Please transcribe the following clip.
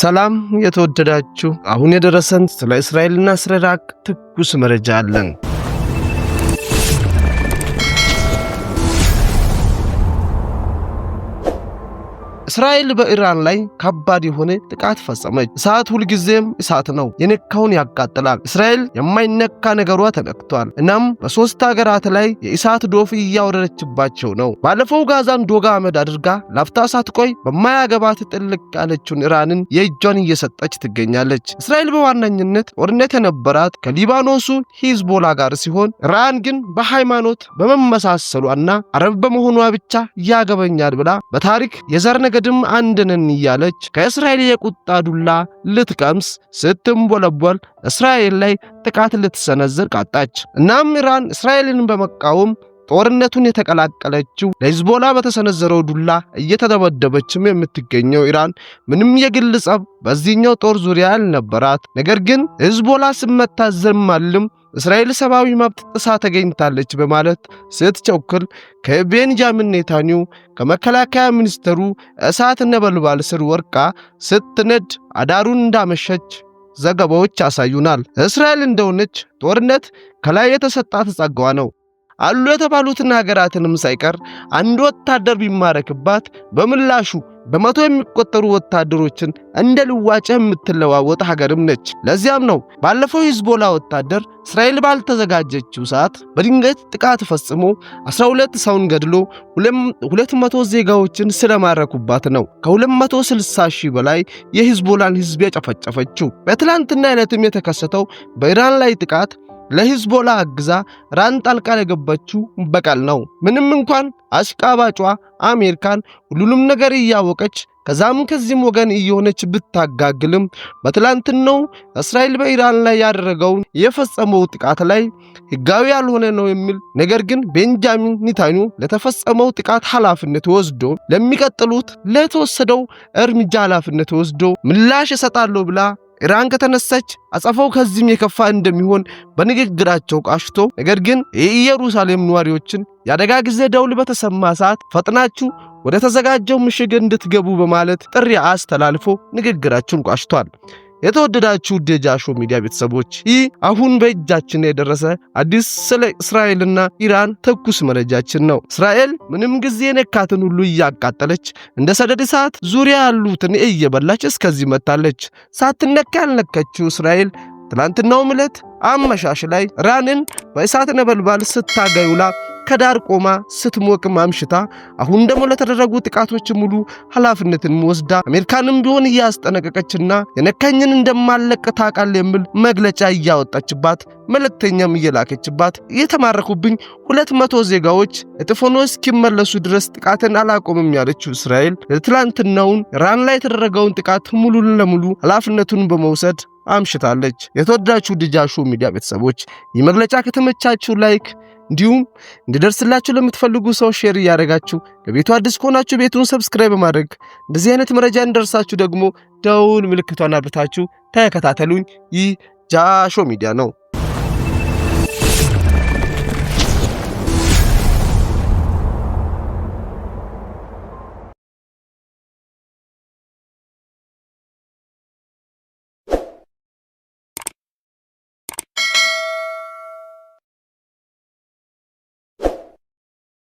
ሰላም የተወደዳችሁ፣ አሁን የደረሰን ስለ እስራኤልና ስለ ኢራቅ ትኩስ መረጃ አለን። እስራኤል በኢራን ላይ ከባድ የሆነ ጥቃት ፈጸመች። እሳት ሁልጊዜም እሳት ነው፣ የነካውን ያቃጥላል። እስራኤል የማይነካ ነገሯ ተነክቷል። እናም በሶስት ሀገራት ላይ የእሳት ዶፍ እያወረደችባቸው ነው። ባለፈው ጋዛን ዶጋ አመድ አድርጋ ላፍታ ሳትቆይ በማያገባት ጥልቅ ያለችውን ኢራንን የእጇን እየሰጠች ትገኛለች። እስራኤል በዋነኝነት ጦርነት የነበራት ከሊባኖሱ ሂዝቦላ ጋር ሲሆን ኢራን ግን በሃይማኖት በመመሳሰሏና አረብ በመሆኗ ብቻ ያገበኛል ብላ በታሪክ የዘር ነገ ረገድም አንድነን እያለች ከእስራኤል የቁጣ ዱላ ልትቀምስ ስትንቦለቦል እስራኤል ላይ ጥቃት ልትሰነዝር ቃጣች። እናም ኢራን እስራኤልን በመቃወም ጦርነቱን የተቀላቀለችው ለሂዝቦላ በተሰነዘረው ዱላ እየተደበደበችም የምትገኘው ኢራን ምንም የግል ጸብ በዚህኛው ጦር ዙሪያ ያልነበራት፣ ነገር ግን ሂዝቦላ ስመታ እስራኤል ሰብአዊ መብት ጥሳ ተገኝታለች በማለት ስትቸኩል ከቤንጃሚን ኔታንያሁ ከመከላከያ ሚኒስትሩ እሳት ነበልባል ስር ወርቃ ስትነድ አዳሩን እንዳመሸች ዘገባዎች ያሳዩናል። እስራኤል እንደሆነች ጦርነት ከላይ የተሰጣት ጸጋዋ ነው። አሉ የተባሉትን ሀገራትንም ሳይቀር አንድ ወታደር ቢማረክባት በምላሹ በመቶ የሚቆጠሩ ወታደሮችን እንደ ልዋጭ የምትለዋወጥ ሀገርም ነች። ለዚያም ነው ባለፈው ሂዝቦላ ወታደር እስራኤል ባልተዘጋጀችው ሰዓት በድንገት ጥቃት ፈጽሞ 12 ሰውን ገድሎ 200 ዜጋዎችን ስለማረኩባት ነው ከ260 ሺህ በላይ የሂዝቦላን ህዝብ ያጨፈጨፈችው። በትላንትና ዕለትም የተከሰተው በኢራን ላይ ጥቃት ለሂዝቦላ አግዛ ራን ጣልቃ የገባችው በቀል ነው። ምንም እንኳን አሽቃባጯ አሜሪካን ሁሉንም ነገር እያወቀች ከዛም ከዚህም ወገን እየሆነች ብታጋግልም በትላንትናው እስራኤል በኢራን ላይ ያደረገውን የፈጸመው ጥቃት ላይ ህጋዊ ያልሆነ ነው የሚል ነገር ግን ቤንጃሚን ኒታኙ ለተፈጸመው ጥቃት ኃላፊነት ወስዶ ለሚቀጥሉት ለተወሰደው እርምጃ ኃላፊነት ወስዶ ምላሽ እሰጣለሁ ብላ ኢራን ከተነሳች አጸፋው ከዚህም የከፋ እንደሚሆን በንግግራቸው ቃሽቶ፣ ነገር ግን የኢየሩሳሌም ነዋሪዎችን የአደጋ ጊዜ ደውል በተሰማ ሰዓት ፈጥናችሁ ወደ ተዘጋጀው ምሽግ እንድትገቡ በማለት ጥሪ አስተላልፎ ንግግራቸውን ቋሽቷል። የተወደዳችሁ የጃሾ ሚዲያ ቤተሰቦች ይህ አሁን በእጃችን የደረሰ አዲስ ስለ እስራኤልና ኢራን ትኩስ መረጃችን ነው። እስራኤል ምንም ጊዜ ነካትን ሁሉ እያቃጠለች እንደ ሰደድ እሳት ዙሪያ ያሉትን እየበላች እስከዚህ መታለች። ሳትነካ ያልነከችው እስራኤል ትላንትናውም ዕለት አመሻሽ ላይ ኢራንን በእሳት ነበልባል ስታገዩላ ከዳር ቆማ ስትሞቅ ማምሽታ አሁን ደግሞ ለተደረጉ ጥቃቶች ሙሉ ኃላፊነትን ወስዳ አሜሪካንም ቢሆን እያስጠነቀቀችና የነካኝን እንደማለቅ ታውቃል የሚል መግለጫ እያወጣችባት መልእክተኛም እየላከችባት እየተማረኩብኝ ሁለት መቶ ዜጋዎች እጥፎኖ እስኪመለሱ ድረስ ጥቃትን አላቆምም ያለችው እስራኤል ለትላንትናውን ኢራን ላይ የተደረገውን ጥቃት ሙሉን ለሙሉ ኃላፊነቱን በመውሰድ አምሽታለች። የተወዳችሁ ድጃሹ ሚዲያ ቤተሰቦች ይህ መግለጫ ከተመቻችሁ ላይክ እንዲሁም እንዲደርስላችሁ ለምትፈልጉ ሰው ሼር እያደረጋችሁ ለቤቱ አዲስ ከሆናችሁ ቤቱን ሰብስክራይብ በማድረግ እንደዚህ አይነት መረጃ እንደርሳችሁ ደግሞ ደውል ምልክቷን አብርታችሁ ተከታተሉኝ። ይህ ጃሾ ሚዲያ ነው።